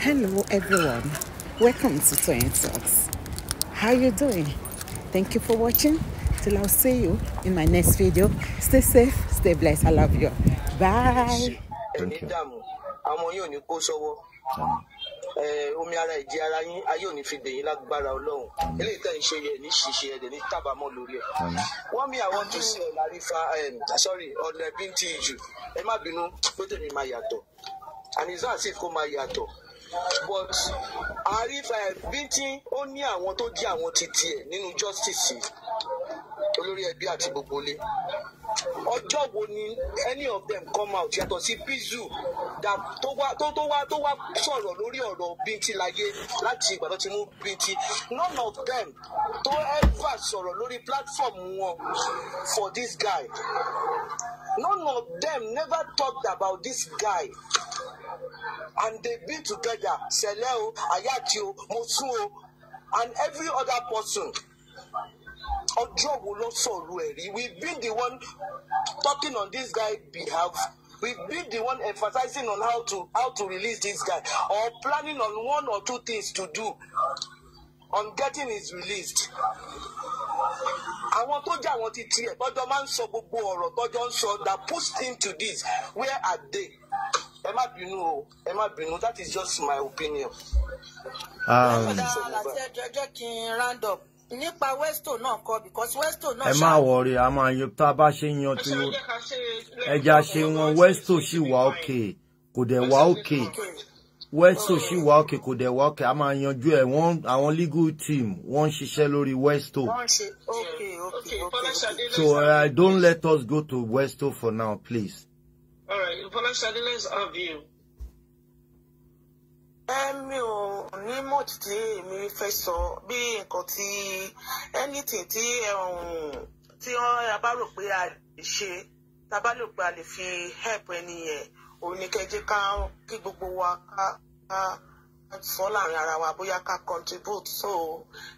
hello everyone welcome to Toyeen Talks how you doing thank you for watching till i'll see you in my next video stay safe stay blessed i love you bye thank you àwọn omi ara ìdí ara yín ayé ò fi dèyìn lágbára Ọlọ́run eléyìí tẹ̀ ń ṣe yẹ ní ṣìṣe ẹ̀dẹ̀ ní tábàámọ̀ lórí ẹ̀. wọ́n mi àwọn tó sí ọ̀la rífa sorry ọ̀nà ẹ̀bí ń tì jù ẹ má bínú pé tèmi máa yàtọ̀ àníṣà sì kó máa yàtọ̀ but arif bíntín ó ní àwọn tó jẹ́ àwọn titi ẹ̀ nínú justice olórí ẹbí àti gbogbo ilé ọjọ́ wo ni any of them come out yàtọ̀ sí Pizzu tó wá tó tó wá tó wá sọ̀rọ̀ lórí ọ̀rọ̀ bíntín láyé láti ìgbà tó ti mú bíntín none of them tó ever sọ̀rọ̀ lórí platform wọn for this guy none of them never talked about this guy and they been together sẹlẹ o ayati o mosu o and every other person ọjọ́ wo ló sọ̀rọ̀ ẹ̀ rí we be the one talking on this guy behalf we been the one emphasizing on how to how to release this guy or planning on one or two things to do on getting his released àwọn tó jẹ́ àwọn ti tiẹ̀ tọ́jọ́ máa ń sọ gbogbo ọ̀rọ̀ tọ́jọ́ ń sọ that pushed him to this where are they ẹ má bínú o ẹ má bínú that is just my opinion. Um, nípa westo náà kọ because westo náà. ẹ máa wọrí a máa yan tá a bá ṣe yan tí ẹja ṣe wọn westo sì wà òkè oh. kò dẹ̀ wà òkè westo sì wà òkè kò dẹ̀ wà òkè a máa yanjú ẹ̀ wọ́n àwọn legal team wọ́n ń ṣiṣẹ́ lórí westo. so uh, don't let us go to westo for now please. All right, Fọláṣadé, let's have you. mi ò ní much tí èmi fẹ́ sọ bí nǹkan tí anything tí um, tí a bá rò pé a lè ṣe tá a bá rò pé a lè fi help ẹni yẹn òun ni kẹjẹ ká kí gbogbo wa ká ká sọ láàrin ara wa bóyá ká contribute so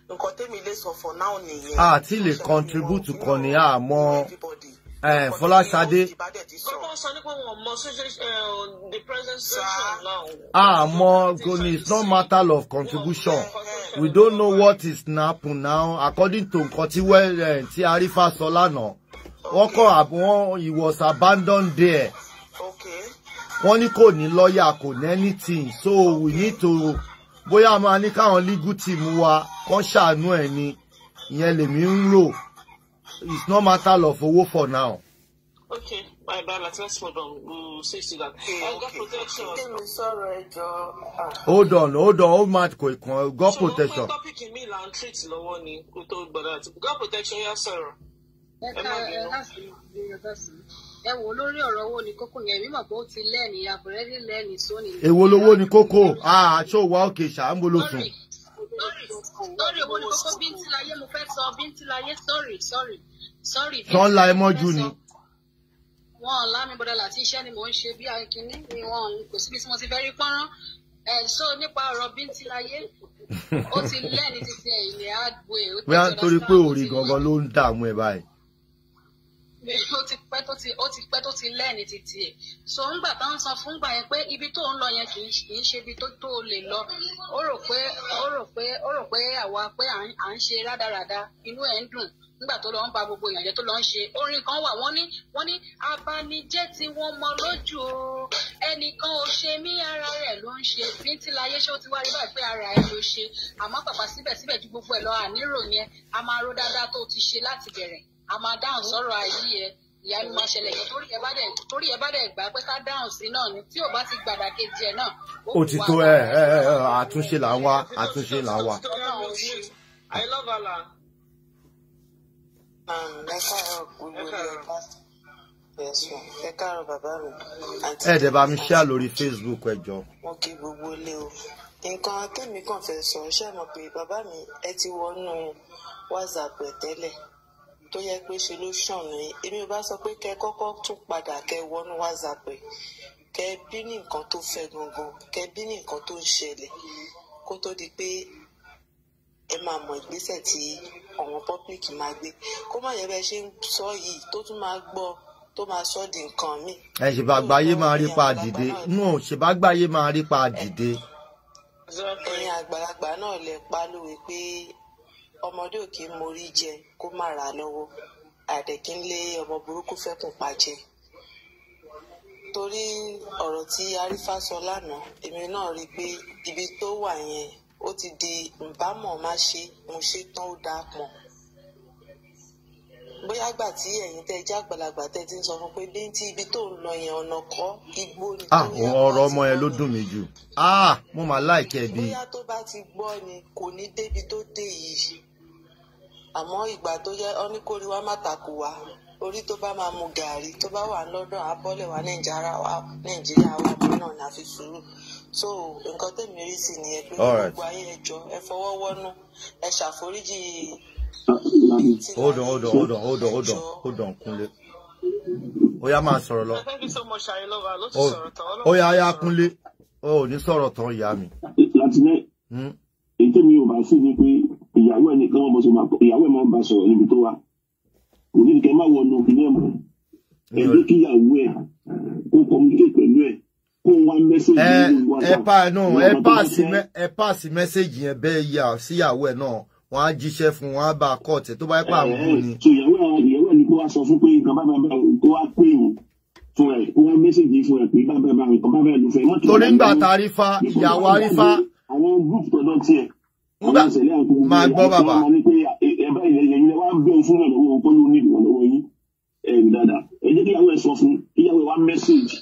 nǹkan tèmi lè sọ for now nìyẹn. a ti lè contribute kan ní àmọ́. everybody ẹ Fọláṣadé. bọ́lá sọ mọ ah mọ goni it's not matter of contribution we don't know what is happen now according to nǹkan tí wẹ́rẹ̀ eh, tí arífà sọ lánàá wọ́n kọ́ àwọn he was abandoned there wọ́n ní kò ní lọ́ọ̀yà kò ní anything so we need to bóyá máa ní káwọn legal team wa kọ́ ṣàánú ẹ̀ ni ìyẹn lèmi ń rò it's not matter of owó for now. okay bye-bye let's hold on we'll see to that. elder protection. kíni sọ̀rọ̀ ẹjọ́. hold on hold on hold man kò kàn god protection. ṣé o mọ tọ́pìkì mi là ń treat lọ́wọ́ ni kó tó gbọ́dọ̀ àti god protection yà sọ̀rọ̀. ẹ ká ẹ láti bí ọjọ́ sí ẹ wò lórí ọ̀rọ̀ owó ni kókó yẹn mímọ̀ pé ó ti lẹ́ẹ̀ni àbúrẹ́dì lẹ́ẹ̀ni sóni. èwo lowó ni kókó àṣọ wa òkè ṣàǹgbólósùn. sọ́ọ̀rì sọ́ọ̀rì owó ni kókó bíntìláyé mo fẹ́ sọ bíntìláyé sọ́ọ̀rì sọ́ọ̀rì tọ́ la ẹ mọ́jú ni. wọn lámì bọ́dà láti iṣẹ́ ni mò ń ṣe bí akínní ni wọn kò síbi tí mo ti fẹ́ rí pọ́nrán ẹ̀ so nípa ọ̀rọ̀ bíntì láyé ó ti lẹ́ni ti ti ẹ̀yìn ní hardware. bóyá torí pé òòrì gangan ló ń dààmú ẹ báyìí ó ti pẹ́ tó ti ó ti ti tiẹ̀ so ńgbà tá ń san fún gbà yẹn pé ibi tó ń lọ yẹn kì í ṣe ibi tó tó lè lọ ó rò pé àwa pé à ń ṣe rádaràda inú ẹ̀ ń dùn nígbà tó lọ ń ba gbogbo èèyàn jẹ́ tó lọ ń ṣe orin kan wà wọ́n ní wọ́n ní abanijẹ́ tí wọ́n mọ lójú o ẹnìkan ò ṣe mí ara rẹ̀ ló ń ṣe bíntín láyé ṣé ó ti wá rí báyìí pé ara ẹ̀ ló ṣe àmọ́ pàpà síbẹ̀síbẹ̀ ju gbogbo ẹ̀ lọ àníròyìn ẹ a máa rò dáadáa tó ti ṣe láti bẹ̀rẹ̀ a máa dáhùn sọ̀rọ̀ ayé ẹ ìyá mi máa ṣẹlẹ̀ yẹn torí ẹ bá dẹ̀ torí ẹ bá dẹ̀ gbà pé ká dáhùn sí náà ni tí ò bá ti gbàdá kejì ẹ náà. ó ti tó ẹ ẹ àtúnṣe là àtúnṣe là I love Allah. Um, ẹ káàárọ̀ bàbá mi. ẹ dẹ̀ bá mi ṣá lórí Facebook ẹ jọ. mo kí gbogbo ilé o nǹkan tèmi kàn fẹ́ sọ ṣe mọ̀ pé bàbá mi ẹ ti wọnú WhatsApp ẹ̀ tẹ́lẹ̀ tó yẹ pé ṣe ló ṣànú yín èmi ò bá sọ pé kẹ kọ́kọ́ tún padà kẹ wọnú WhatsApp ẹ̀ kẹ bí ní nǹkan tó fẹ́ gangan kẹ bí ní nǹkan tó ń ṣẹlẹ̀ kó tó di pé ẹ máa mọ ìgbésẹ̀ tí àwọn public máa gbé kó má yẹ bẹ́ẹ̀ ṣe ń sọ yìí tó tún máa gbọ́ tó máa sọ di nǹkan mi. ẹ ṣèbá àgbáyé máa rí pa dìde no ṣèbá àgbáyé máa rí pa dìde. ẹ̀yin àgbàlagbà náà lè pa lówe pé ọmọdé ò kí ń morí jẹ kó má ra lọ́wọ́ àdẹ̀kí ń lé ọmọ burúkú fẹ́kùn pa jẹ torí ọ̀rọ̀ tí arífà sọ lánàá èmi náà rí i pé ibi tó wà yẹn ó ti di ǹbámọ̀ má ṣe mo ṣe tán ó dáa pọ̀ bóyá gbà tí ẹ̀yin tẹ́ jẹ́ àgbàlagbà tẹ́ ti ń sọ fún pé bí ti ibi tó ń lọ yẹn ọ̀nà kọ́ igbó ni. Ah, ọ̀rọ̀ ọmọ yẹn ló dùn mí jù ah, mo máa láìkẹ́ bí. bóyá tó bá ti gbọ́ ni kò ní débi tó dé yìí àmọ́ ìgbà tó yẹ ọ́ ní kó rí wá má takò wá orí tó bá máa mu gàárì tó bá wà lọ́dọ̀ abọ́lẹ̀ wa nàìjíríà wa nàìjíríà wa mọ́ ní àfi sùúrù so nǹkan tẹ̀mí rí sí ni ẹ pé gbogbo ayé ẹjọ́ ẹ fọwọ́ wọ́nú ẹ ṣàforíjì. hold on hold on hold on hold on hold on hold on Kúnlé ó yá máa sọ̀rọ̀ lọ ó yá yá Kúnlé ó ní sọ̀rọ̀ tán ìyá mi. Hmm? èyí tèmi ò bá sí ni pé ìyàwó ẹ nìkan ọmọ sọmọ ìyàwó ẹ máa ń bá sọ̀rọ̀ níbi tó wà kò ní nìkan má wọnú ilé ẹmọ ẹ ní kíyàwó ẹ kó kọmíkè pẹ̀lú ẹ ẹ pa no ẹ paasi ẹ paasi mẹsẹgì yẹn bẹ́ẹ̀ yà síyàwó ẹ náà wọ́n á jíṣẹ́ fún wọn á bá a kọ ọtẹ tó bá yẹ pa àwọn ọmọ ni. ìyàwó ìyàwó ẹni kó wá sọ fún pé nǹkan bá bá bá kó wá pé òun fún ẹ kó wá mẹsẹgì fún ẹ pé bá bá bá nǹkan bá bá ló fẹ́. torí ń gbà tá a ìyàwó a àwọn group tọdọ tiẹ̀. nígbà máa gbọ́ bàbá. ẹ ẹ sọ fún kíyàwó ẹ wá mẹ́sẹ̀gì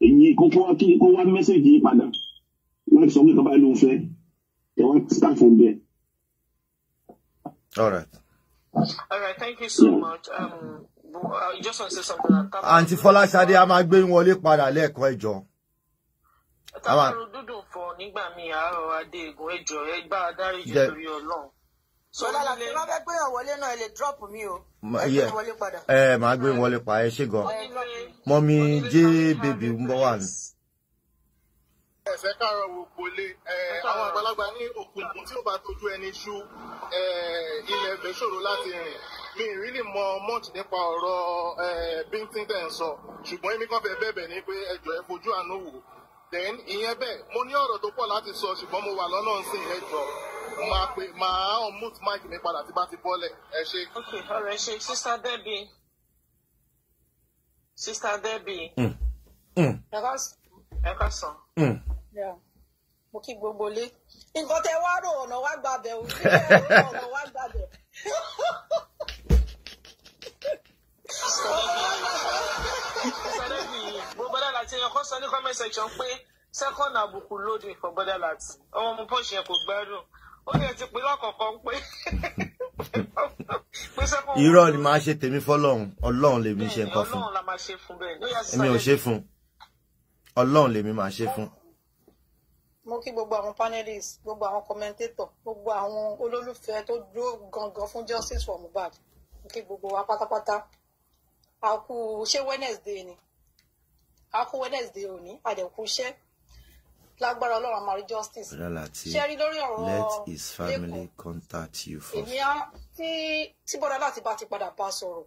èyí kókó kí kó wá mẹ́sẹ̀gì yìí padà láti sọ pé kaba ló ń ẹ wá start from there. All right. All right, thank you so yeah. much. Um, I uh, just want to say something. Àǹtí Fọláṣadé a máa gbé wọlé padà lẹ́ẹ̀kan ẹ̀jọ̀. Táwọn dúdú fọ nígbà míì àárọ̀ adé ègún ẹ̀jọ̀ ẹgbàá dáríjì torí Ọlọ́run sọlá ni wọn fẹ́ gbé yàn wọlé náà ẹ lè drop mi o ẹ gbé yàn wọlé padà. ẹ máa gbé wọlé pa ẹ ṣe gan mọmi jẹ bèbí ń bọ̀ wá. ẹsẹ káàárọ̀ wo gbolé àwọn àgbàlagbà ní òkùnkùn tí ó bá tójú ẹni ṣú ilẹ̀ ẹ̀fẹ̀ ṣòro láti rìn mi ì rílì mọ much nípa ọ̀rọ̀ bíntín tẹ̀ ń sọ ṣùgbọ́n èmi kan fẹ́ bẹ̀bẹ̀ ni pé ẹjọ́ ẹ fojú àánú wò then ìyẹn bẹ́ẹ̀ mo ní ọ̀rọ̀ tó pọ̀ láti sọ ṣùgbọ́n mo wà lọ́nà ń sìn yẹn jọ máa pe máa on mute mic mi padà tí bá ti bọ́lẹ̀ ẹ ṣe. ok ọ̀rẹ́ ṣe sista debi sista debi ẹ ká sàn. Hmm. mo kí gbogbo lé nǹkan tẹ wá rò ọ̀nà wá gbàbẹ̀ o ọ̀nà wá gbàbẹ̀. àti èèyàn kan sọ ní comment section pé second àbùkù loading for Borderlands ọmọ mo pọ́ọ̀ṣì yẹn kò gbádùn ó yẹ ti pín lọ́kọ̀ọ̀kan pé irọ́ ni màá ṣe tèmi fọlọ́run ọlọ́run lèmi ṣe nǹkan fún èmi ò ṣe fún ọlọ́run lèmi máa ṣe fún. mo kí gbogbo àwọn panelists gbogbo àwọn commentator gbogbo àwọn olólùfẹ́ tó dúró gangan fún justice for Mohbad mo kí gbogbo wa pátápátá a kú ṣé Wednesday ni àkó wednesday òní àdẹ̀kú iṣẹ́ lágbára ọlọ́run a justice. ṣe rí lórí ọ̀rọ̀ lẹ́kọ̀ọ́ èmi tí tí bọ́dá láti bá ti padà bá sọ̀rọ̀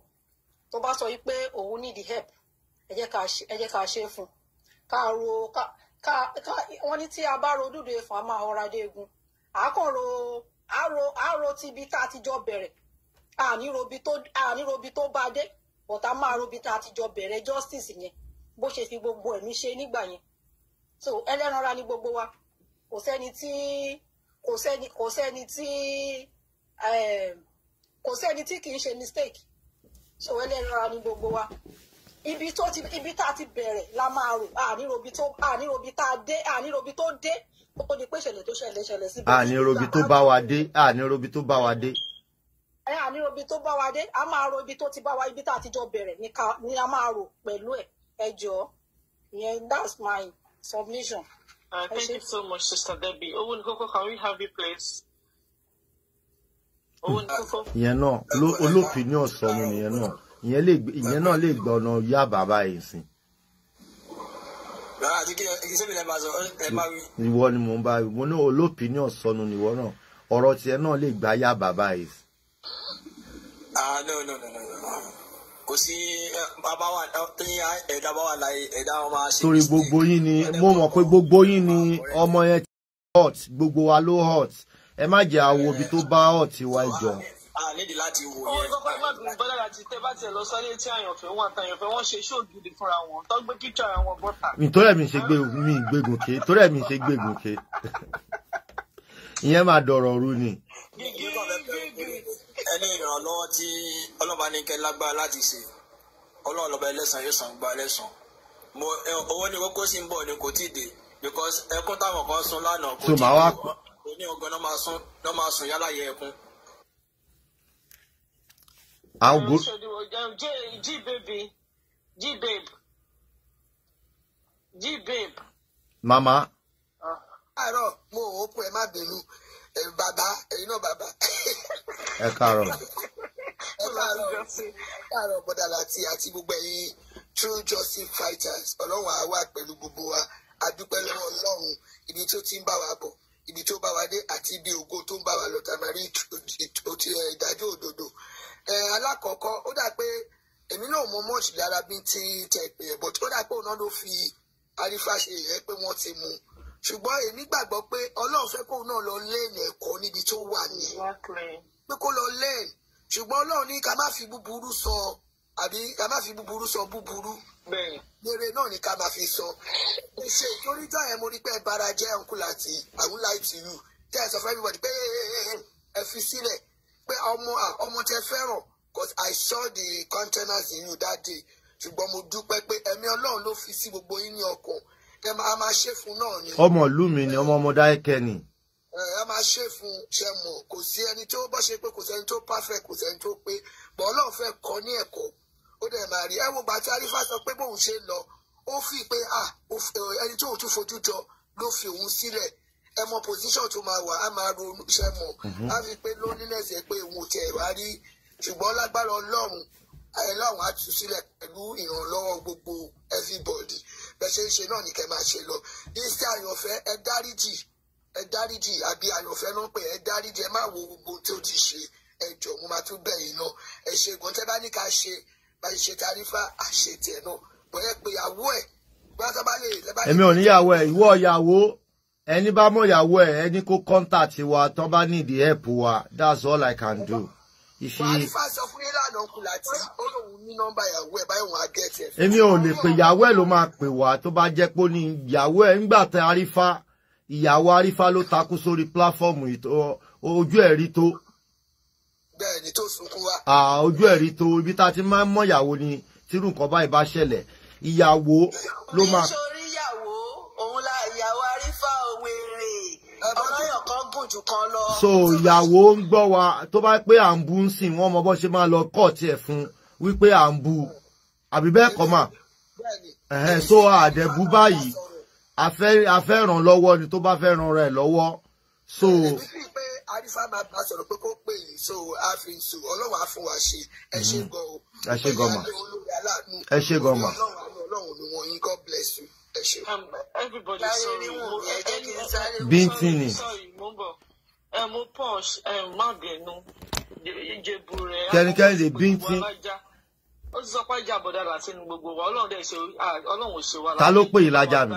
tó bá sọ wípé òun need help ẹ jẹ́ ká ṣe é fún ká ká ká wọ́n ní tí a bá ro dúdú efun a máa ọ̀ra dé egun àákànro àárò àárò ti ibi tá a ti jọ bẹ̀rẹ̀ ànírobi tó ànírobi tó bá dé bọ̀tá máa robi tá a ti jọ bẹ̀rẹ̀ justice yẹn bó ṣe fi gbogbo ẹ̀mí ṣe nígbà yẹn so ẹlẹ́ranra ni gbogbo wa kò sẹ́ni tí kò sẹ́ni kò sẹ́ni tí ehm, kò sẹ́ni tí kì ṣe mistake so ẹlẹ́ranra ni gbogbo wa ibi tó ti ibi tá a ti bẹ̀rẹ̀ la máa rò ànírobi tó ànírobi tá a dé ànírobi tó dé ó di pé ìṣẹ̀lẹ̀ tó ṣẹlẹ̀ ṣẹlẹ̀ síbi. ànírobi tó bá wa dé ànírobi tó bá wa dé. ànírobi tó bá wa dé a máa ro ibi tó ti bá wa ibi tá a ti jọ bẹ̀rẹ̀ ni a máa rò pẹ̀lú ẹ̀ ẹ jọ that's my submission. Uh, thank you so much sister Debbie owó ní kókó can we have you please. Ah, ìyẹn náà olófin ní ọ̀sán mi nìyẹn náà ìyẹn náà lè gbọ́ ọ̀nà yá bàbá yìí sìn ah, ìwọ ni mò ń bá mo ní olópinion sọnù níwọ náà ọ̀rọ̀ tiẹ̀ náà lè gbáyà bàbá yìí. ah no no no no. no kò sí abáwá tí ẹ̀dá bá wà láyé ẹ̀dá wọn máa ṣe. torí gbogbo yín ni mo mọ̀ pé gbogbo yín ni ọmọ yẹn ti hot gbogbo wa ló hot ẹ má jẹ́ àwo ibi tó bá hot wa jọ. a nídìí láti wo yẹn. owó tó pẹ́ mọ́tò ní bọ́lá tẹ́ bá tiẹ̀ lọ sọ́lé tí àyàn fẹ́ wọ́n àtàyàn wọ́n ṣe iṣẹ́ ògidì fúnra wọn tó gbé píkṣọ ara wọn bọ́tà. nítorí ẹ̀mí ṣe gbé mi gbé gòkè torí ẹ̀mí ṣe gbé gòkè ìyẹn máa dọ̀rọ̀ ru ni. gígí gígí ẹni ìrànlọ́wọ́ tí ọlọ́ba ní kẹ́ lágbára láti ṣe ọlọ́run lọ́ba ẹlẹ́sàn yóò sàn gba ẹlẹ́sàn mo owó ní kókó sì ń bọ̀ ni kò tí ì dé because ẹkún táwọn kan sun lánàá kò tí ì bọ̀ òní ọgàn náà máa sun náà máa sun yálà yẹ ẹkún. How good? G baby, G babe, G babe. Mama. Àárọ̀ mo ò pẹ́ má bínú bàbá ẹ̀yin náà bàbá. ẹ káàárọ̀. ẹ káàárọ̀ káàárọ̀ bọ́dàlà àti àti gbogbo ẹ̀yin true justice fighters ọlọ́run àá pẹ̀lú gbogbo wa adúpẹ́ lọ́wọ́ ọlọ́run ibi tó ti ń bá wa bọ̀ ibi tó bá wa dé àti ibi ògo tó ń bá wa lọ tàbí ìdájọ́ òdodo alákọ̀ọ́kọ́ ó dà pé èmi náà mọ mọ́ọ̀tì lára bí ti tẹ̀ pé but ó dà pé òun náà ló fi arífà ṣe yẹ pé wọ́n ti mú un ṣùgbọ́n èmi gbàgbọ́ pé ọlọ́run fẹ́ kóun náà lọ lẹ́ẹ̀nì ẹ̀kọ́ níbi tó wà nìyẹn pé kó lọ lẹ́ẹ̀nì ṣùgbọ́n ọlọ́run ní ká má fi búburú sọ àbí ká má fi búburú sọ búburú rere náà ni ká má fi sọ ṣe ìtoríjọ́ yẹn mo rí pé bara jẹ́ nkú láti àwọn láìtì yù tẹ́ ẹ sọ fún everybody pé ẹ fi sílẹ̀ pé ọmọ ọmọ tẹ fẹ́ràn because I saw the containers in you that day ṣùgbọ́n mo dúpẹ́ pé ẹ̀mí ọlọ́run ló fi sí gbogbo yín ní ọkàn kẹ máa máa ṣe fún náà ni. ọmọ ìlú mi ni ọmọ ọmọ dáìkẹ ni. ẹ máa ṣe fún ṣe mọ kò sí ẹni tó bọ́ ṣe pé kò sẹ́ni tó perfect kò sẹ́ni tó pé bọ́ ọlọ́run fẹ́ kọ́ ní ẹ̀kọ́ ó dẹ̀ máa rí ẹ wo arífà sọ pé bóun ṣe lọ ó fi pé ẹni tó tún fojú jọ ló fi òun sílẹ̀ ẹ mọ position tó máa wà á máa ronú ṣe mọ á fi pé loneliness pé òun ò tiẹ̀ wá rí ṣùgbọ́n lágbára ọlọ́run ẹ lọ́run á tú sílẹ̀ pẹ̀lú ìrànlọ́wọ́ gbogbo everybody bẹ́ẹ̀ ṣe ń ṣe náà ni kẹ́ máa ṣe lọ iṣẹ́ àyànfẹ́ ẹ dáríjì ẹ dáríjì àbí àyànfẹ́ náà pé ẹ dáríjì ẹ má wo gbogbo tí ó ti ṣe ẹ jọ mo máa tún bẹ̀ náà ẹ ṣe ìgbọ́n tẹ́ bá ní ká ṣe bá ṣe ṣe tarifa àṣetẹ̀ náà bóyá pé ìyàwó ẹ̀ bá sábà lè lẹ́bàá. èmi ò níyàwó ẹ ìwọ ìyàwó ẹni bá mọ ìyàwó ẹ ẹni kó contact wa tó bá need help wa that's all I can do ìfi. wàá fà sọ fún ìlànà ọkùnrin àti olóhùn ní nọ́mbà ìyàwó ẹ báyìí wọn á gẹ tiẹ. èmi ò lè pè ìyàwó ẹ ló máa pè wá tó bá jẹ́ pé ó ní ìyàwó ẹ ńgbà tẹ arífá ìyàwó arífá ló takú sórí pláfọ́ọ̀mù ojú ẹ̀ rí tó. bẹ́ẹ̀ni tó sunkún wa. ojú ẹ̀ rí tó ibi tá a ti máa ń mọ̀ ìyàwó ni tírú nǹkan báyìí bá ṣẹlẹ̀ ìyàwó ló máa. nǹkan lọ. so ìyàwó ń gbọ́ wa tó bá pé à ń bu ń sìn wọ́n mọ bó ṣe máa lọ kọ́ tiẹ̀ fún wípé à ń bu àbí bẹ́ẹ̀ kọ́ mà so àdẹ̀bù báyìí a fẹ́ ràn lọ́wọ́ ni tó bá fẹ́ ràn rẹ̀ lọ́wọ́ so. ẹ ṣe mm-hmm. gan ẹ ṣe gan ma mo punch má bínú ìjẹ̀bù rẹ̀ kẹ́nikẹ́ni lè bí tí. ó ti sọ pé ìjà àbọ̀dá rà sínú gbogbo wa ọlọ́run dẹ̀ ọlọ́run ò ṣe wa. ta ló pè yín lájà nù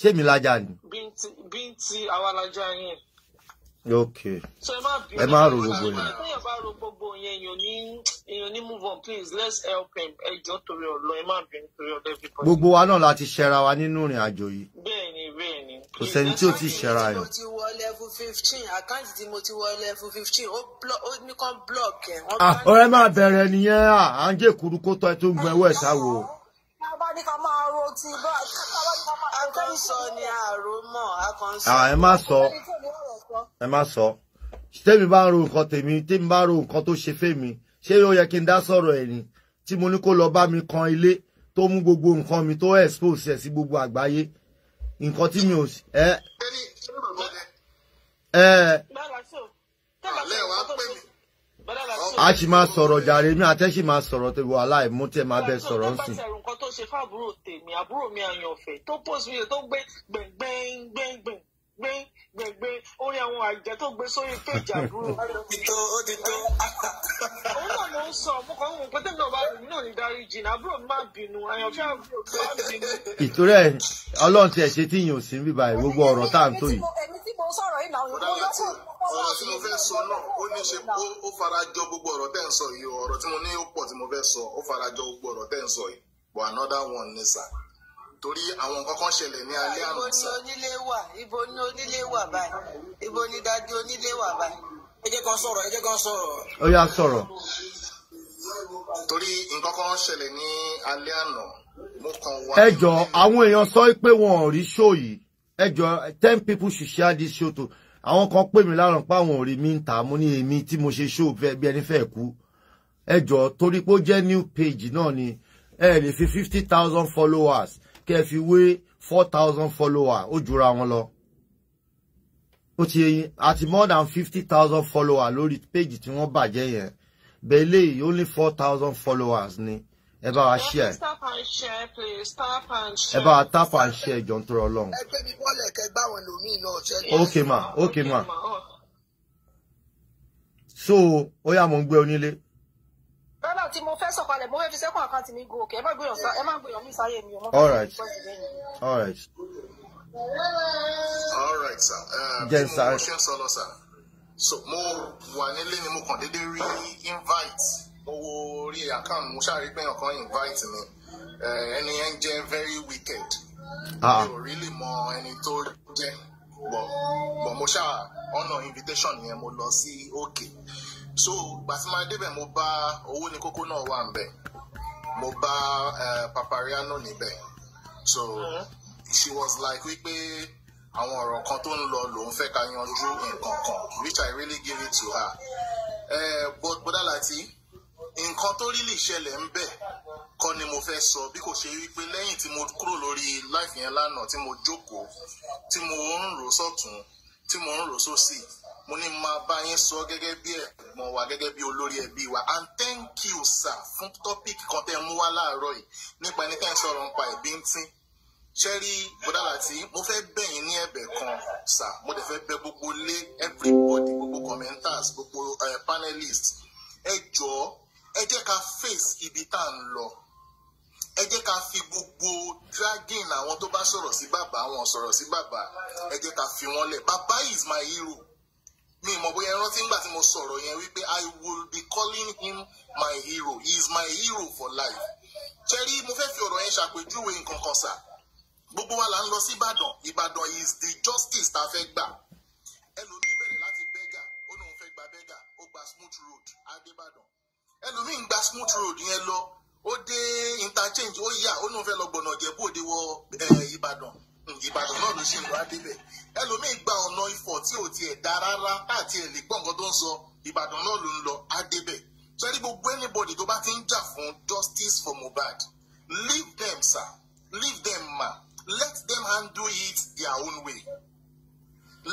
ṣé mi lájà nù. bí ti àwa lájà yẹn okay ẹ má ro gbogbo yẹn. téèyàn bá ro gbogbo yẹn èèyàn ní èèyàn ní move on please let's help him ẹ jọ̀ọ́ torí ọlọ ẹ má bínú torí ọlọ everybody. gbogbo wa náà láti ṣẹra wa nínú ìrìn àjò yìí. bẹ́ẹ̀ni bẹ́ẹ̀ni. kò sẹ́ni tí ò ti ṣẹra yẹn. mo ti wọ level fifteen àkáǹtì tí mo ti wọ level fifteen ó ní kàn block ẹ. Ah, ọ̀rẹ́ máa bẹ̀rẹ̀ nìyẹn ah, à ń jẹ́ kúrú kó tọ́ ẹ tó ń gbọ́ ẹwọ́ ẹ̀ sáwo. ẹ má sọ ẹ má sọ tèmi bá ń ro nǹkan tèmi tèmi bá ń ro nǹkan tó ṣe fèmi ṣé ó yẹ kí n dá sọ̀rọ̀ ẹ̀ ni tí mo ní kó lọ bá mi kan ilé tó mú gbogbo nǹkan mi tó expose ẹ̀ sí gbogbo àgbáyé nǹkan tí mi ò sí. ẹ ẹ a sì máa sọ̀rọ̀ jàre mi àtẹ́ sì máa sọ̀rọ̀ tẹ̀wé aláì mú tẹ̀ máa bẹ sọ̀rọ̀ ń sìn. tó ṣe fún àbúrò tèmi àbúrò mi àyànfẹ́ tó pòsùn yẹn tó gbé gbẹ̀ngbẹ̀ngbẹ̀ngbẹ̀ gbé gbẹgbẹ orí àwọn àjẹ́ tó gbé sórí péjì àbúrò. ó ti tó ó ti tó. òun náà ló ń sọ mo kàn ń wò pé tẹ́lẹ̀ ọba rẹ̀ náà ní dárí jìnnà àbúrò má bínú àyànfẹ́ àbúrò má bínú. ìtorí ẹ ọlọ́run ti ẹ̀ ṣe tí yìnyín ò sí ń bíbá yìí gbogbo ọ̀rọ̀ tá à ń tó yìí. èmi tí mo sọ̀rọ̀ yìí náà ló kù ọ̀rọ̀ tí mo fẹ́ sọ náà ó ní ṣe ó fara jọ gbogbo ọ̀rọ̀ tẹ́ ń sọ yìí ọ̀rọ̀ tí mo ní ó pọ̀ tí mo fẹ́ sọ ó fara jọ gbogbo ọ̀rọ̀ tẹ́ ń sọ yìí but another one ní sáà torí àwọn nǹkan kan ṣẹlẹ̀ ní alẹ́ àná. ibo ni onílé wà ibo ni onílé wà báyìí ibo ni dadi onílé wà báyìí. ẹ jẹ́ kan sọ̀rọ̀ ẹ jẹ́ kan sọ̀rọ̀. ó yá sọ̀rọ̀. torí nǹkan kan ṣẹlẹ̀ ní alẹ́ àná mo kàn wá. ẹ jọ àwọn èèyàn sọ pé wọn ò rí ṣó yìí ẹ jọ ten people should share this show to àwọn kan pè mí láràn pé àwọn ò rí mi ń ta mo ní èmi tí mo ṣe show bí ẹni fẹ́ kú ẹ jọ torí pé ó jẹ́ new page náà ni ẹ lè fi fifty thousand followers kẹ́ fi wé four thousand followers, ó jura wọn lọ ó ti yẹyin àti more than fifty thousand followers, lórí péjì tí wọ́n bàjẹ́ yẹn bẹ́ẹ̀ léyìí only four thousand followers ni ẹ bá wa share, ẹ ẹ bá wa tap and share jọ nítorí Ọlọ́run. ẹgbẹ́ mi ok ma ok ma so ó yá mo ń gbé onílé bábà tí mo fẹ́ sọ̀kalẹ̀ mo fẹ́ fi sẹ́kùn àkáǹtì mi go òkè ẹ má gbìyànjú ẹ má gbìyànjú sáyé mi o mo fẹ́ fi sẹ́kùn all right. all right sir. jẹ́ uh, sá. mo ṣe sọ lọ sá. so mo wà nílé ni mo kàn déédéé rí invite mo wo orí àkáǹtì mo ṣáà rí pé ọ̀kan invite mi uh, ẹni yẹn jẹ́ very wicked. mi ah. ò rí lè mọ ẹni tó jẹ́ bọ̀ bọ̀ mo ṣáà ọ̀nà invitation yẹn mo lọ sí òkè. Okay so gbàtí máa débẹ̀ mo bá owó ní kókó náà wà nbẹ̀ mo bá Papariano níbẹ̀ so mm-hmm. she was like wípé àwọn ọ̀rọ̀ kan tó ń lọ lòun fẹ́ ká yanjú nǹkan kan which I really give it to her uh, but bọ́dà láti nǹkan tó rí lè ṣẹlẹ̀ ń bẹ̀ kọ́ ni mo fẹ́ sọ bí kò ṣe wípé lẹ́yìn tí mo kúrò lórí life lánàá tí mo jókòó tí mo ń rò sọ́tún tí mo ń rò sósì. So mo ní máa bá yín sọ gẹ́gẹ́ bí ẹ̀gbọ́n wa gẹ́gẹ́ bí olórí ẹbí wa and thank you sir fún topic kan tẹ́ mú wá láàárọ̀ yìí nípa ẹni tẹ́ ń sọ̀rọ̀ nípa ẹ̀bí ń tín ṣẹ́rí bọ́dàlàtì mo fẹ́ bẹ̀ ní ẹ̀bẹ̀ kan sir mo dẹ̀ fẹ́ bẹ̀ gbogbo lé everybody gbogbo commenters gbogbo eh, panelists ẹ jọ̀ọ́ ẹ jẹ́ ká face ibi tá à ń lọ ẹ jẹ́ ká fi gbogbo dragging àwọn tó bá sọ̀rọ̀ sí bàbá wọn sọ̀rọ̀ sí bàbá ẹ jẹ́ ká fi wọn lẹ̀ bàbá is my hero mi mọ̀ bóyá ẹ rántí nígbà tí mo sọ̀rọ̀ yẹn wípé I will be calling him my hero he is my hero for life Cherry, mo fẹ́ fi ọ̀rọ̀ yẹn ṣàpèjúwe nǹkan kan sà gbogbo wa là ń lọ sí Ìbàdàn Ìbàdàn is the justice tá a fẹ́ gbà ẹlòmíì bẹ̀rẹ̀ láti bẹ́gà ó lóun fẹ́ gba bẹ́gà ó gba smooth road adébàdàn ẹlòmíì ń gba smooth road yẹn lọ ó dé interchange ó yà ó lóun fẹ́ lọ gbọ̀nà Ìjẹ̀bú Òde wọ eh, Ìbàdàn ìbàdàn náà ló ṣe wá débẹ̀ ẹlòmíì gba ọ̀nà ifọ̀ tí ò tiẹ̀ dá rárá láti ẹ̀ lè gbọ́ nǹkan tó ń sọ ìbàdàn náà ló ń lọ á débẹ̀ gbogbo anybody tó bá ti ń jà fún justice for Mohbad leave them sir leave them ma let them handle it their own way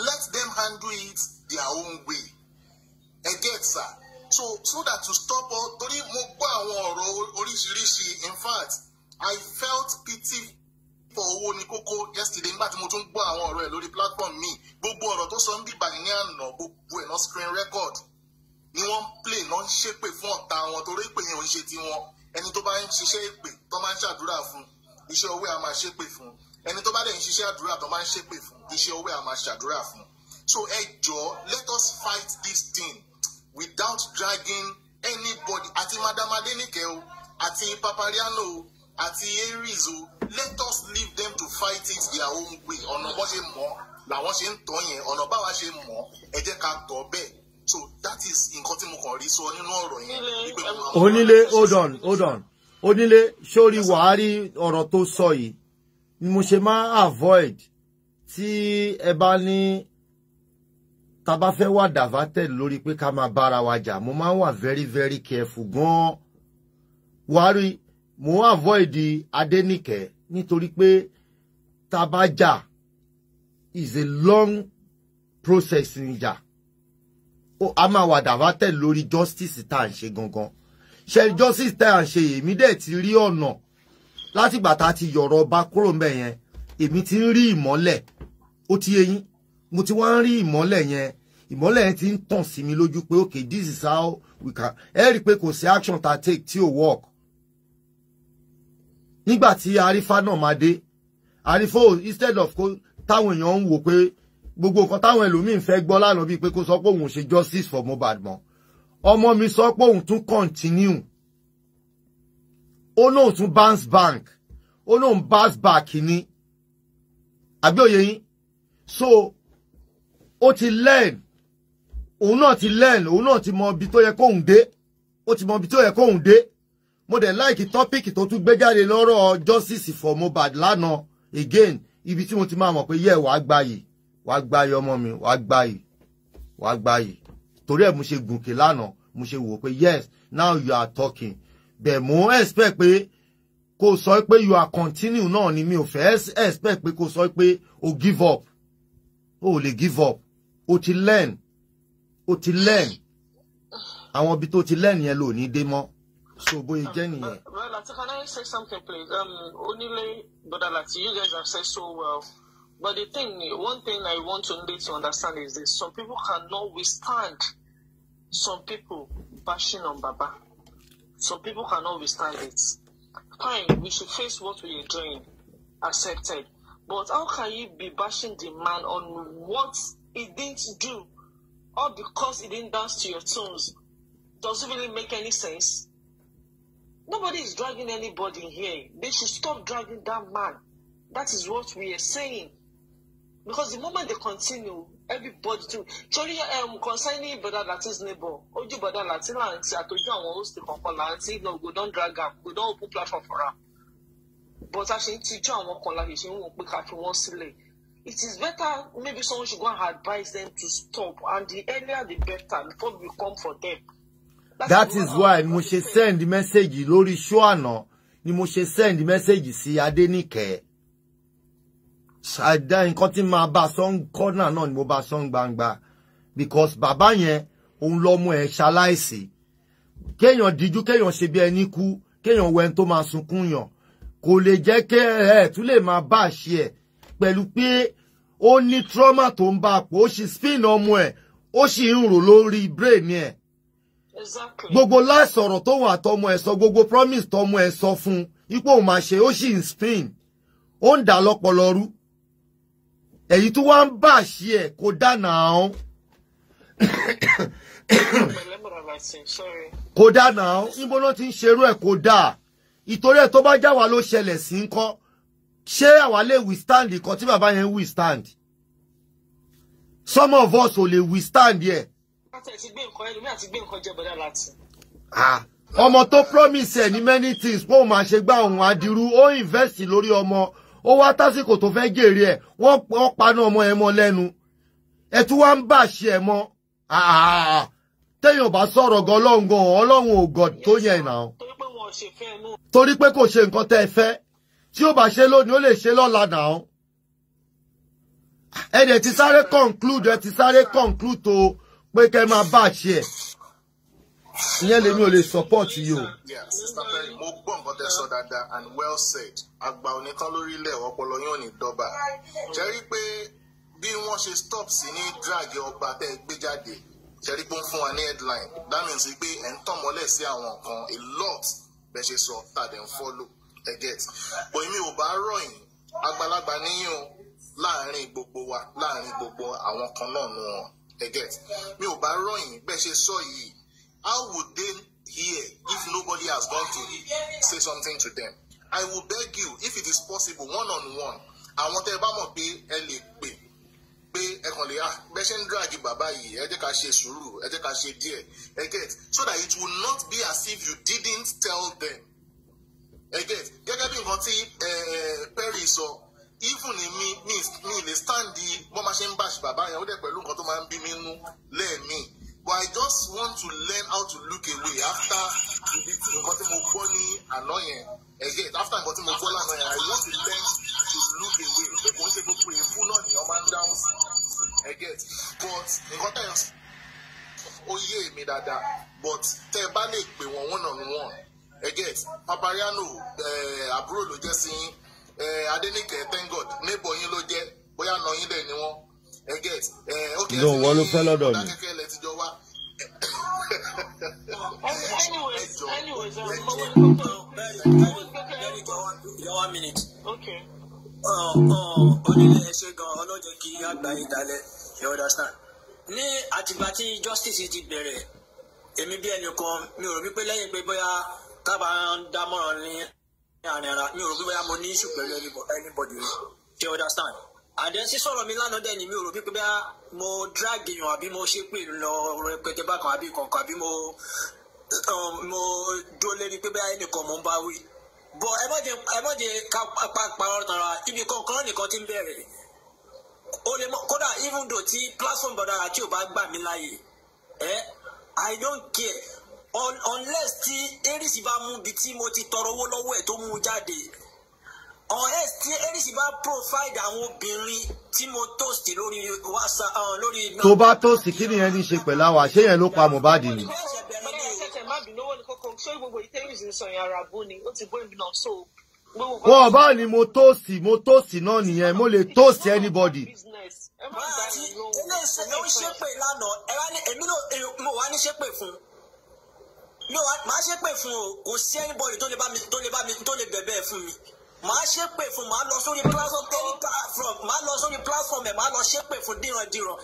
let them handle it their own way ẹ get sir so so that to stop all torí mo gbọ́ àwọn ọ̀rọ̀ oríṣiríṣi in fact I felt pity pọ̀ owó ní kókó yesterday nígbà tí mo tún gbọ́ àwọn ọ̀rọ̀ ẹ̀ lórí platform mi gbogbo ọ̀rọ̀ tó sọ ń bìbà ní àná gbogbo ẹ̀ náà screen record ni wọ́n play náà ń ṣépè fún ọ̀tá wọn torí pé yẹn ò ń ṣe tiwọn ẹni tó bá ń ṣiṣẹ́ èpè tó máa ń ṣàdúrà fún iṣẹ́ owó a máa ṣépè fún ẹni tó bá dẹ̀ ń ṣiṣẹ́ àdúrà tó máa ń ṣépè fún iṣẹ́ owó a máa ṣàdúrà fún so ẹ jọ̀ọ́ let us fight this thing without dragging anybody àti madam Adéníkẹ́ o àti Papariano o àti aries o let us leave them to fight things their own way ọ̀nà bó ṣe mọ̀ làwọn ṣe ń tọ́ yẹn ọ̀nà báwa ṣe mọ̀ ẹ jẹ́ ká tọ́ bẹ́ẹ̀ so that is nǹkan tí mo kàn rí sọ nínú ọ̀rọ̀ yẹn. onílé hold on hold on onílé sórí wàhálì ọ̀rọ̀ tó sọ yìí ni mo ṣe máa avoid tí ẹ bá ní ta bá fẹ́ wà dàvátẹ̀ lórí pé ká máa bára wa jà mo máa ń wà very very careful gan-an wàhálì mò ń avoid Adéníkẹ́ nítorí pé tabaja is a long process nìjà ó a máa wà dàvátẹ̀ lórí justice tá à ń ṣe gangan ṣe justice tá à ń ṣe èmi dẹ̀ ti rí ọ̀nà látìgbà tá a ti yọ̀rọ̀ ọba kúrò ń bẹ̀ yẹn èmi ti ń rí ìmọ́lẹ̀ ó ti eyín mo ti wá ń rí ìmọ́lẹ̀ yẹn ìmọ́lẹ̀ yẹn ti ń tàn sí mi lójú pé okay this is how we can ẹ rí i pé kò sí action ta take tí ò work nígbà tí arífá náà máa dé arífó instead of kó táwọn èèyàn ń wò pé gbogbo nǹkan táwọn ẹlòmíín fẹ́ gbọ́ lánàá bíi pé kó sọ pé òun ṣe justice for Mohbad mọ́ ọmọ mi sọ pé òun tún continue ó náà tún bounce bank ó náà bounce back ni àbí yín so ó ti learn òun náà ti learn òun náà ti mọ ibi tó yẹ kóun dé ó ti mọ ibi tó yẹ kóun dé mo dẹ̀ láìkí tọ́píìkì tó tún gbé jáde lọ́rọ̀ justice for Mohbad lánàá again ibi tí mo ti máa mọ̀ pé yẹ wàá gbayì wàá gbayì ọmọ mi wàá gbayì wàá gbayì torí ẹ̀ mo ṣe gùnkè lánàá mo ṣe wò pé yes now you are talking bẹ́ẹ̀ mo expect pé kò sọ pé you are continue náà ni mi ò fẹ́ expect pé kò sọ pé o give up o ò lè give up o ti learn o ti learn àwọn ibi tó ti learn yẹn lò ní dé mọ́ so bóyá jẹ́ nìyẹn. Um, well Lati can I say something please um, Onílé brother Lati you guys have said so well but the thing one thing I want to need to understand is this some people cannot withstand some people bashing on Baba some people cannot withstand it fine we should face what we are doing accepted but how can you be bashing the man on what he didn't do or because he didn't dance to your tunes Doesn't really make any sense? Nobody is dragging anybody here. They should stop dragging that man. That is what we are saying. Because the moment they continue, everybody to. Sorry, um, concerning brother that is neighbor, Oju brother Latin Lanti, Atoju àwọn host kankan Lanti, no, go don't drag am, go don't open platform for am. But actually, ṣe ń tijú àwọn call la She ṣe ń wọ̀n pé ká fi It is better maybe someone should go and advise them to stop and the earlier the better before we come for them that is why mo ṣe send message lórí show àná ni mo ṣe send message sí Adéníkẹ́ ṣàdá nǹkan tí máa bá sọ ń kọ́nà náà ni mo bá sọ ń gbangba because bàbá yẹn òun lọ́mọ ẹ̀ ṣaláìsí kéèyàn díjú kéèyàn ṣe bí ẹni kú kéèyàn wẹ́n tó máa sunkún yàn kò lè jẹ́ kí ẹ̀ tún lè máa bá àṣẹ ẹ̀ pẹ̀lú pé ó ní trauma tó ń bá a pò ó spin ọmọ ẹ̀ ó sì ń rò lórí brain ẹ̀ gbogbo láìsí ọ̀rọ̀ tó wà tọmọ ẹ̀ sọ gbogbo promise tọmọ ẹ̀ sọ fún ipò òun máa ṣe ó sì ń spin ó ń dà lọ́pọlọ rú èyí tó wá ń bà ṣí ẹ̀ kó dànà án kó dànà án níbo ló ti ń ṣerú ẹ̀ kó dà ìtorí ẹ̀ tó bá já wa ló ṣẹlẹ̀ sí ń kọ́ ṣé àwa lè withstand nǹkan tí bàbá yẹn withstand some of us ò lè withstand yẹn ọmọ tó promise ẹ ní many things pé òun máa ṣe gbá òun adirú ó invest lórí ọmọ ó wá tásìkò tó fẹ́ jèrè ẹ̀ wọ́n paná ọmọ ẹ mọ́ lẹ́nu ẹ tún wá ń bàṣẹ ẹ mọ́ téèyàn bá sọ̀rọ̀ gan ọlọ́run gan ọlọ́run ò gọ̀ tó yẹn náà torí pé kò ṣe nǹkan tẹ́ ẹ fẹ́ tí ó bá ṣe lónìí ó lè ṣe lọ́la náà ẹ dẹ̀ ti sáré conclude ẹ ti sáré conclude o pé kẹ́ máa bá àṣẹ ẹ̀ ìyẹn lèmi ò lè support yìí o. mo gbọ́ nǹkan tẹ́ sọ dáadáa and well said àgbà onítàn lórílẹ̀ ọpọlọ yóò ní dọ́bà jẹ́ rí pé bí wọ́n ṣe stop sí ní drag ọba tẹ́ gbé jáde jẹ́ rí pé ń fún wa ní headline that means pé ẹ̀ ń tàn mọ́lẹ̀ sí àwọn nǹkan a lot bẹ́ ṣe sọ tàdé ń follow ẹ get bọ̀ èmi ò bá rọ̀ yín àgbàlagbà níyàn láàárín gbogbo wa láàárín gbogbo àwọn kan náà nù wọn ẹ get mi ò bá rọyìn bẹ́ẹ̀ ṣe sọ yìí how would they hear if nobody has gone to say something to them i will beg you if it is possible one on one àwọn tẹ́ ẹ bá mọ̀ pé ẹ lè pè pé ẹ kàn lè ah, bẹ́ẹ̀ ṣe ń dragi bàbá yìí ẹ jẹ́ ká ṣe sùúrù ẹ jẹ́ ká ṣe díẹ̀ ẹ get so that it will not be as if you didn't tell them ẹ get gẹ́gẹ́ bí nǹkan tí eh, Perry sọ. So, even mi me, me, lè stand bó ma ṣe ń bàṣì bàbá yẹn ó dẹ̀ pẹ̀lú nǹkan tó máa ń bí mi nú lẹ́ẹ̀mí but I just want to learn how to look away after nǹkan tí mo gbọ́ ní àná yẹn again after nǹkan tí mo gbọ́ lánàá yẹn I want to learn to look away pé kò ń ṣe gbogbo èébú náà nìyẹn máa ń dáhùn sí again but nǹkan tẹ̀ ó yé mi dáadáa but tẹ́ ẹ bá lè pè wọ́n one on one again Papariano eh, àbúrò ló jẹ́ sí yín. Adenike thank God neighbor yín ló jẹ́ bóyá nà yín dẹ̀ ni wọ́n ẹ get ok ẹ ti ní ọ̀dà kẹ́kẹ́ ilẹ̀ ti jọ wá. okay. onílé ẹsẹ gan ọlọjẹ kí àgbà yìí dalẹ̀ you understand. ní àtìgbà tí justice ti bẹ̀rẹ̀ èmi bí ẹnìkan mi ò rí pé lẹ́yìn pé bóyá tábà ń dámọ̀ràn ní àárín ara mi ò rò pé bóyá mo ní issue pẹ̀lú anybody rẹ̀ you understand and then sísọ̀rọ̀ mi lánàá dẹ̀ ni mi ò rò pé bóyá mo drag yan àbí mo ṣe pé lọ rẹpẹtẹ bákan àbí kankan àbí mo um, mo dúró lẹ́ni pé bóyá ẹnìkan mo ń bá wí bọ even though ti platform bọ̀dá àti ò bá gbà I don't care unless tí eris bá mú bi tí mo ti tọrọ owó lọ́wọ́ ẹ̀ tó mú jáde unless tí eris bá provide àwọn obìnrin tí mo toast lórí whatsapp uh, lórí. tó bá toast kí nìyẹn ní í ṣe pẹ̀lú àwọn àṣeyẹn ló pa Mohbad ni sórí gbogbo ìtẹ́rì sí sọ yàrá bó ni mo tóòsì mo tóòsì náà nìyẹn mo lè tóòsì anybody. ẹ má ti ilé ìṣẹ́ ló ń ṣépè lánàá ẹ wá ní èmi náà mo wá ní ṣépè fún un mi ò máa ṣe pè fún o kò sí anybody tó lè bá mi tó lè bá mi tó lè bẹ̀bẹ̀ fún mi máa ṣe pè fún máa lọ sórí platform any platform máa lọ sórí platform ẹ̀ máa lọ ṣe pè fún dírandiran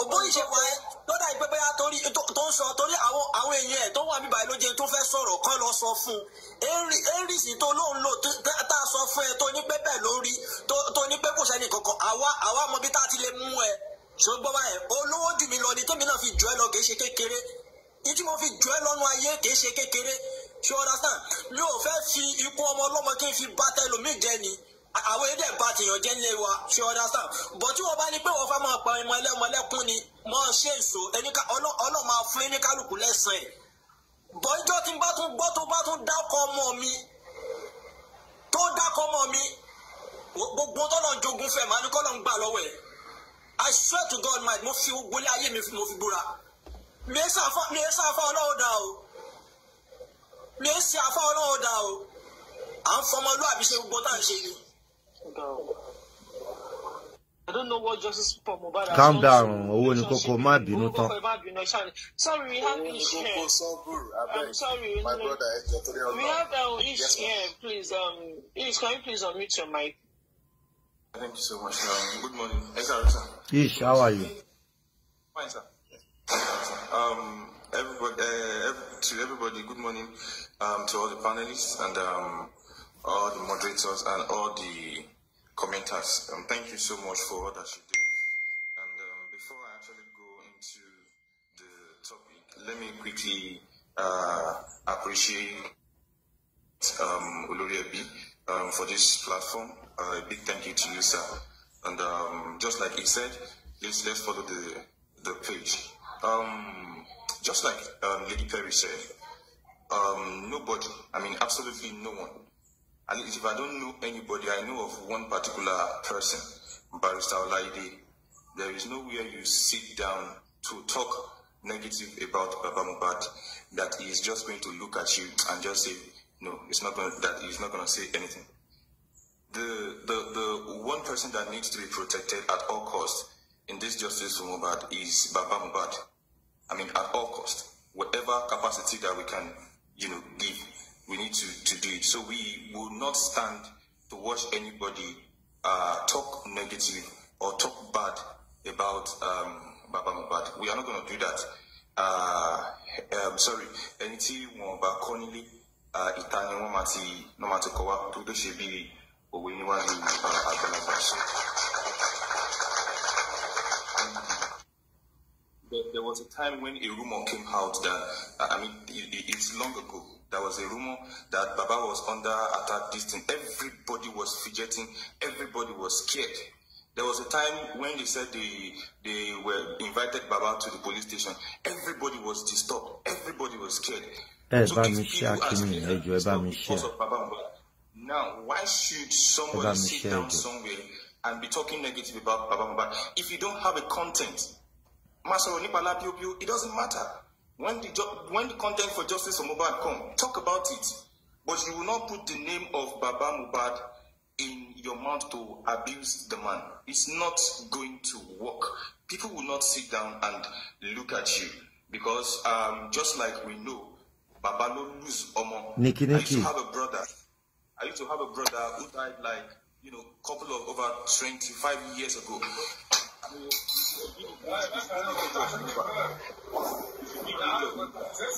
ògbó ìṣe wa ẹ lọ́dà yìí pẹ́pẹ́ torí tó ń sọ torí àwọn àwọn èèyàn ẹ̀ tó wà mí báyìí lóje tó fẹ́ sọ̀rọ̀ kán lọ sọ fún un erisi tó lóun lò tá a sọ fún ẹ tó ní pé bẹ́ẹ̀ lórí tó ní pé kò sẹ́ni kankan àwa àwa mọ bí tá a ti lè mú ẹ ṣùgbọ́n báyẹn olówó jù mí lọ ni tèmi náà fi jù ẹ lọ kì í ṣe kékeré ìtí mo fi jọ ẹ lọ́nu ayé kì í ṣe kékeré ṣe understand mi ò fẹ́ fi ikú ọmọ ọlọ́mọ kí n fi bá tẹlómi jẹ ni àwọn èdè bá tèèyàn jẹ́ nílé wa ṣe understand bọ̀ tí wọ́n bá ní pé wọ́n fẹ́ máa pa ọmọ ẹlẹ́mọlẹ́kún ni mọ́ ṣe èso ọlọ́mọ fún ní lẹ́sàn ẹ̀ bọ̀ ìjọ tí n bá tún gbọ́ tó bá tún dákọ̀ ọmọ mi tó dákọ̀ ọmọ mi gbogbo tọ́lọ̀ ń jogún fẹ̀ máa ní kọ́lọ̀ ń gbà lọ́wọ́ ẹ̀ I swear to God my mo fi gbólé ayé mi mo fi búra mi ẹ sàfà mi ẹ sàfà o mi ẹ sì àfà o à ń fọmọlúwàbí ṣe gbogbo tá Calm down, owó ni kókó má bínú tán. I'm sorry, we have our uh, issue Please, um, Ish, can please unmute your mic? Thank you so much. Um, good morning. Hey, sir, sir. how are you? Fine, sir. Um, everybody, uh, to everybody, good morning um, to all the panelists and um, all the moderators and all the commenters. Um, thank you so much for all that you do. And um, before I actually go into the topic, let me quickly uh, appreciate um, B um, for this platform. Uh, a big thank you to you, sir. And um, just like he said, please let's follow the, the page. Um, just like um, Lady Perry said, um, nobody, I mean, absolutely no one. At least if I don't know anybody, I know of one particular person, Barrister Olaide. There is nowhere you sit down to talk negative about Baba that is that he is just going to look at you and just say, no, it's not going to, that he's not going to say anything. The, the, the one person that needs to be protected at all costs in this justice for Mubad is Baba Mubad. I mean, at all cost, whatever capacity that we can, you know, give, we need to, to do it. So we will not stand to watch anybody uh, talk negative or talk bad about um, Baba Mubad. We are not going to do that. Uh, um, sorry, ẹni tí wọn bá kọ́ nílé ìta ni wọ́n máa ti kọ́ wa tó ṣe bí òwe níwájú àgbàlagbà ṣe. there, was a time when a rumor came out that, I mean, it's long ago. There was a rumor that Baba was under attack. This thing, everybody was fidgeting, everybody was scared. There was a time when they said they they were invited Baba to the police station. Everybody was disturbed. Everybody was scared. so now why should somebody sit down somewhere and be talking negative about Baba if you don't have a content? máa sọ̀rọ̀ nípa lábíobíó it doesn't matter when the when the content for justice for Mohbad come talk about it but you will not put the name of Baba Mohbad in your mouth to abuse the man it's not going to work people will not sit down and look at you because um, just like we know Baba no lose ọmọ I used to have a brother I used to have a brother who died like you know couple of over 25 years ago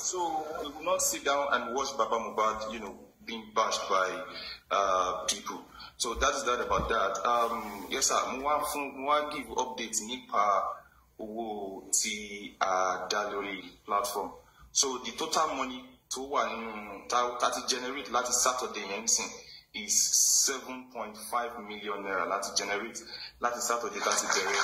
So we will not sit down and watch Baba Mubad, you know, being bashed by uh, people. So that is that about that. Um, yes, sir. Mo wá give updates nípa owó tí uh, a platform. So the total money tó one that generate last Saturday yẹn is 7.5 million naira láti generate láti the láti bẹ̀rẹ̀.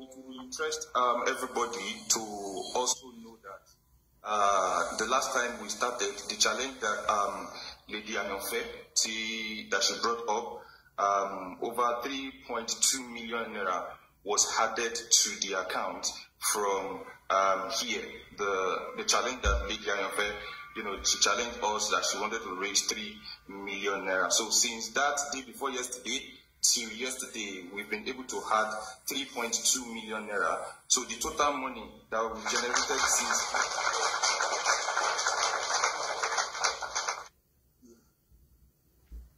It will interest um, everybody to also know that uh, the last time we started, the challenge that um, Lady Anofe she, that she brought up, um, over 3.2 million naira was added to the account from um, here, the, the challenge that Big Yanyanfe, you know, she challenged us that she wanted to raise 3 million naira. So since that day before yesterday, till yesterday, we've been able to add 3.2 million naira. So the total money that we generated since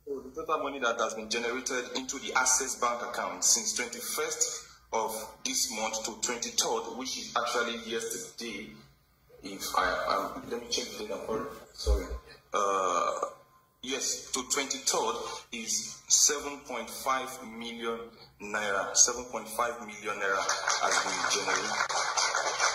the total money that has been generated into the Access Bank account since 21st of this month to 23rd, which is actually yesterday. If I, I um, let me check the number. Sorry. Uh, yes, to 23rd is 7.5 million naira. 7.5 million naira has been generated.